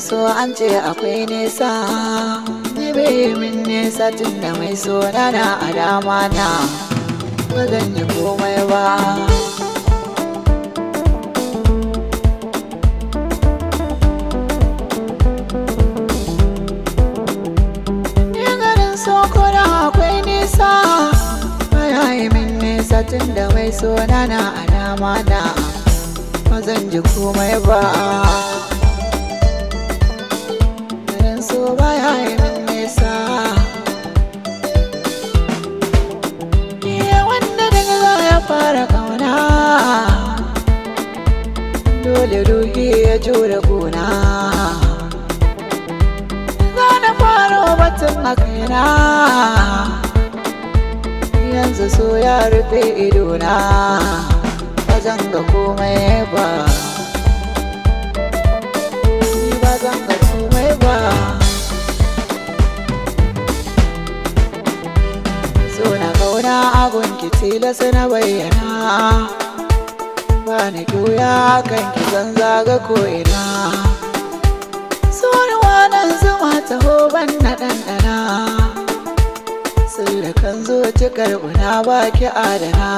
so an ce akwai nesa Nibe min nesa tun da mai so nana a dama na Ba zan yi komai ba Tun da mai sona na alama na ba zan ji komai ba da ruhi ya jure gona za na faro batun a kaina yanzu so ya rufe idona ba zan ga komai ba ba zan ga komai ba so na gauna agon kitila na bayyana bani doya kan ki zan zaga ko'ina. ina Sori wannan zuma ta hoban na ɗanɗana Sirri kan zo ci karɓuna ba ki adana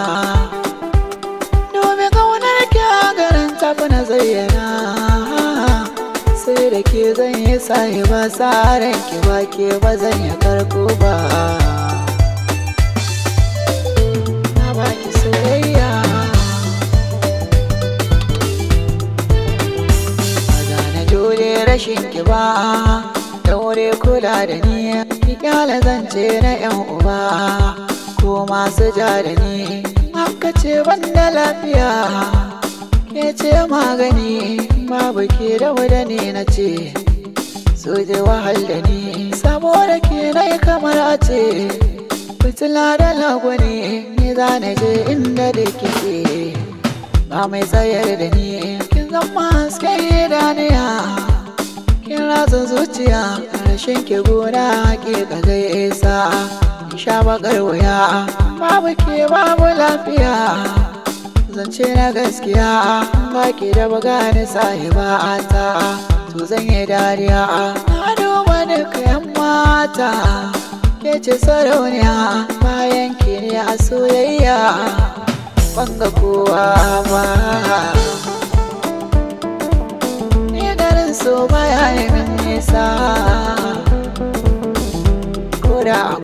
Domin ƙaunar ki a garin tafi na zayyana Sai da ke zan yi ba sa ki ba ke ba zan yi karko ba rashin ki ba daure kula da ni ki kyala zance na yan uba ko masu ja da ni haka ce banda lafiya ke ce magani babu ke da wuda ne na ce so je wahal da ni saboda ke na kamar a ce fitila da laguni ni za na je inda da ke ba mai tsayar da ni kin zama haske da ya? ratsa zuciya karshen ke gona ke ka zai isa in sha bakar wuya babu ke babu lafiya zance na gaskiya ba ki da buga ni a ta to zan yi dariya na duba duka yan mata ke ce sarauniya bayan ke ne a soyayya ban kowa ba so baya neman nisa